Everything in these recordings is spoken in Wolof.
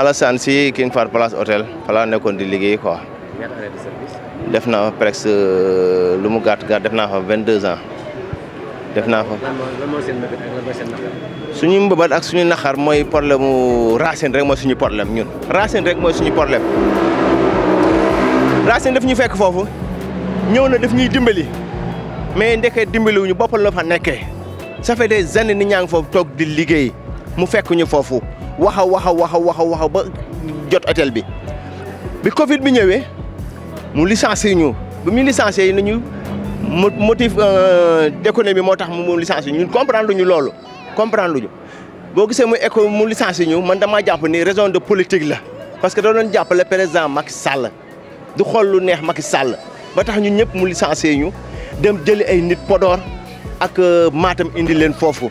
Alassane Sy King Far Palace Hotel fa laa nekkoon di liggéey quoi. def naa fa presque euh, lu mu gàtt gàtt def na fa vingt deux ans. def naa fa suñu mbëbët ak suñu naxar mooy problème mu racine rek mooy suñu problème ñun. racine rek mooy suñu problème racine daf ñu fekk foofu ñëw na daf ñuy dimbali mais ndeke dimbaliwuñu boppal la fa nekkee ça fait des années ni ñaa ngi foofu toog di liggéey mu fekk ñu foofu. wax a wax a wax a wax a wax ba jot hôtel bi bi Covid bi ñëwee mu licencié ñu bi mu licencié nañu motif euh, d'économie moo tax mu licencié ñu comprendre ñu loolu comprendre ñu boo gisee mu éco mu licencié ñu man damaa jàpp ni raison de politique la parce que da doon jàppale président mak Sall du xool lu neex Macky Sall ba tax ñun ñëpp mu licencié ñu dem jëli ay nit Podor ak euh, maatam indi leen foofu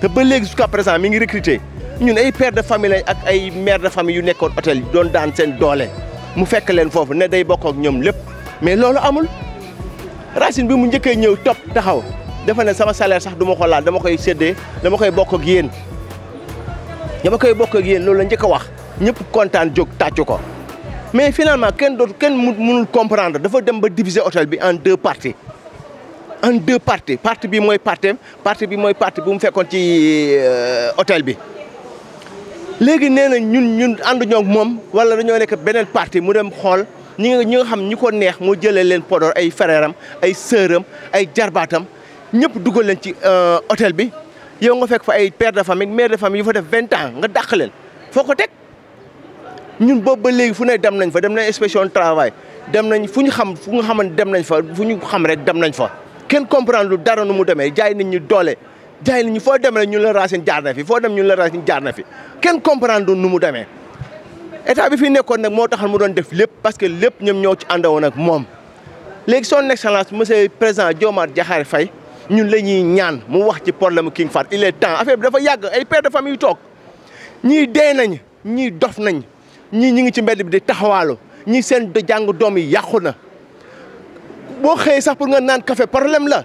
te ba léegi jusqu'à présent mi ngi recruter. ñun ay père de famille ak ay mère de famille yu nekkoon hôtel doon daan seen doole mu fekk leen foofu ne day bokk ak ñoom lépp mais loolu amul Racine bi mu njëkkee ñëw top taxaw dafa ne sama salaire sax du ma ko laal dama koy séddee dama koy bokk ak yéen dama koy bokk ak yéen loolu la njëkk a wax ñëpp kontaan jóg tàccu ko mais finalement kenn dootu kenn mënul comprendre dafa dem ba diviser hôtel bi en deux parties en deux parties partie bi mooy partie partie bi mooy partie bu mu fekkoon ci euh, hôtel bi. léegi nee na ñun ñun ànduñoo ak moom wala dañoo nekk beneen parti mu dem xool ñi nga xam ñi ko neex moo jëlee leen Podor ay frèram ay sœuram ay jarbaatam ñëpp dugal leen ci euh, hôtel bi yow nga fekk fa ay père de famille mère de famille yu fa def vingt ans nga dàq leen foo ko teg ñun boobu ba léegi fu ne dem nañ fa dem nañ inspection travail dem nañ fu ñu xam fu nga xaman dem nañ fa fu ñu xam rek dem nañ fa kenn comprendre lu dara nu mu demee jaay nit ñi doole jaay nañu foo demee rek ñu la Racine jaar na fi foo dem ñu la Racine jaar na fi kenn comprendre nu mu demee état bi fi nekkoon nag moo taxal mu doon def lépp parce que lépp ñoom ñoo ci àndawoon nag moom. léegi son excellence monsieur président Diomaye jaxaar fay ñun la ñuy ñaan mu wax ci problème King Fahd il est temps affaire bi dafa yàgg ay père de famille toog ñii dee nañ ñii dof nañ ñii ñi ngi ci mbedd bi di taxawaalu ñii seen jàng doom yi yàqu na boo xëyee sax pour nga naan café problème la.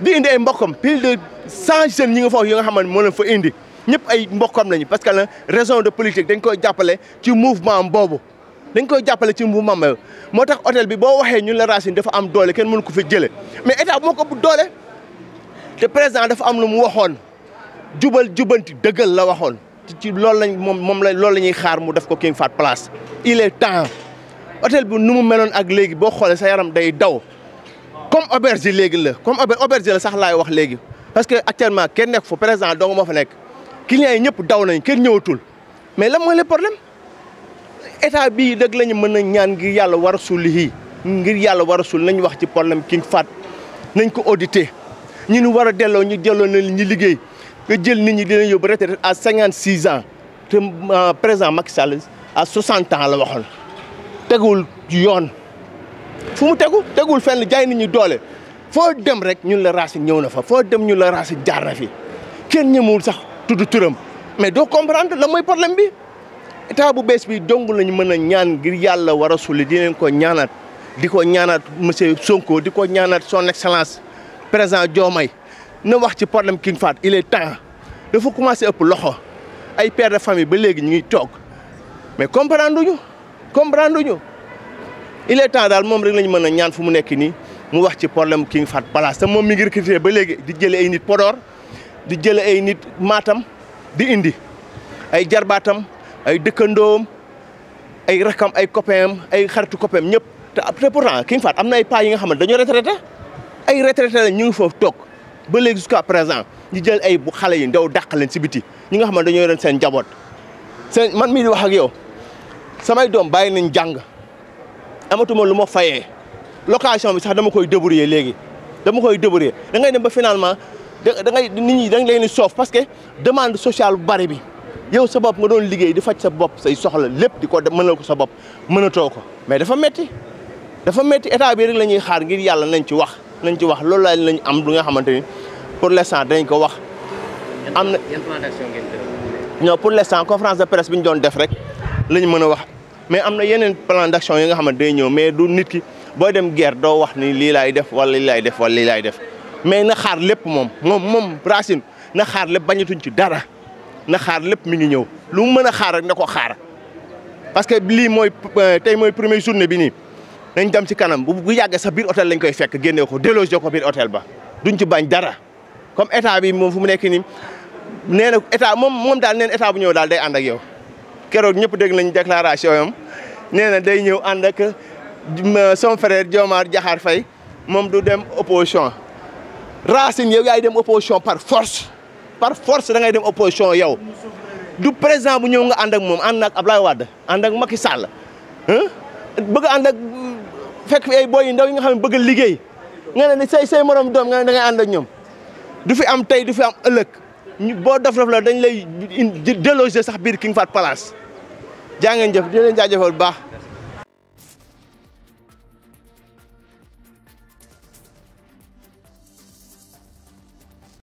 di indi ay mbokkam plus de cent jeunes ñi nga foofu yi nga xam moo leen fo indi ñëpp ay mbokkam lañu parce que la raison de politique dañ koy jàppale ci mouvement am boobu. dañ koy jàppale ci mouvement am moo tax hôtel bi boo waxee ñun la Racine dafa am doole kenn mun ko fi jëlee mais état moo ko bu doole te président dafa am lu mu waxoon jubal jubanti dëggal la waxoon. ci loolu lañ moom moom la loolu la ñuy xaar mu def ko King faat Palace il est temps hôtel bi nu mu meloon ak léegi boo xoolee sa yaram day daw. comme auberge yi la comme auberge la sax laay wax léegi parce que actuellement kenn nekk fa présent dong moo fa nekk clients yi ñëpp daw nañ kenn ñëwatul mais lan mooy le problème état bii dëgg la ñu mën a ñaan ngir yàlla war a suul lii ngir yàlla war a suul nañ wax ci problème King Fahd nañ ko audité ñu ñu war a delloo ñu delloo na ñu liggéey nga jël nit ñi dina yóbbu retraite à 56 ans te euh, président Macky Sall à 60 ans la waxoon tegul yoon fu mu tegu tegul fenn jaay nit ñi doole foo dem rek ñun la Racine ñëw na fa foo dem ñun la Racine jaar na fi kenn ñëmewul sax tudd turam mais doo comprendre la mooy problème bi état bu bees bi dong lañu mën a ñaan ngir yàlla war a suli di ko ñaanaat di ko ñaanaat monsieur Sonko di ko ñaanaat son excellence président Diomaye na wax ci problème King Fahd il est temps dafa commencé ëpp loxo ay père de famille ba léegi ñu ngi toog mais comprendre ñu comprendre ñu il est temps daal moom rek ñu mën a ñaan fu mu nekk nii mu wax ci problème King Fahd Palace te moom mi ngi recruté ba léegi di jële ay nit Podor di jële ay nit maatam di indi ay jarbaatam ay dëkkandoom ay rakam ay copainam ay xaritu copainam ñëpp te pourtant King faat am na ay pas yi nga xam ne dañoo retraité ay retraité la ñu ngi foofu toog ba léegi jusqu'à présent ñu jël ay bu xale yi ndaw dàq leen si biti ñi nga xam ne dañoo yoroon seen njaboot man mii di wax ak yow sama doom bàyyi nañ jàng amatuma lu ma fayee location bi sax dama koy débrouiller léegi dama koy débrouiller da ngay dem ba finalement da ngay nit ñi da nga leen soof parce que demande sociale bu bari bi yow sa bopp nga doon liggéey di faj sa bopp say soxla lépp di ko mënal ko sa bopp mënatoo ko mais dafa metti dafa metti état bi rek la ñuy xaar ngir yàlla nañ ci wax nañ ci wax loolu lañ lañ am lu nga xamante ni pour l'instant dañ ko wax. am na non pour l'instant conférence de presse bi ñu doon def rek lañu mën a wax. mais am na yeneen plan d'action yi nga xam ne day ñëw mais du nit ki booy dem guerre doo wax ni lii laay def wala lii laay def wala lii laay def mais na xaar lépp moom moom moom Racine na xaar lépp bañatuñ ci dara na xaar lépp mi ngi ñëw lu mu mën a xaar rek na ko xaar parce que lii mooy euh, tey mooy première journée bi nii nañ dem si kanam bu yàggee sax biir hôtel lañ koy fekk génne ko délogé ko biir hôtel ba duñ ci bañ dara comme état bi moom fu mu nekk nii nee na état moom moom daal neen état bu ñëw daal day ànd ak yow. keroog ñëpp dégg nañ déclaration yam néna day ñëw ak son frère Diomar Diakhar Faye du dem opposition Racine yow yaay dem opposition par force par force da ngay dem opposition yow du président bu ñëw nga and ak mom and ak Abdoulaye Wade and ak Macky Sall hein? bëgg ak fekk boy ndaw yi nga ñu boo dof dof la dañ lay déloger sax biir King Fahd Palace jaa ngeen jëf di leen jaajëfal bu baax.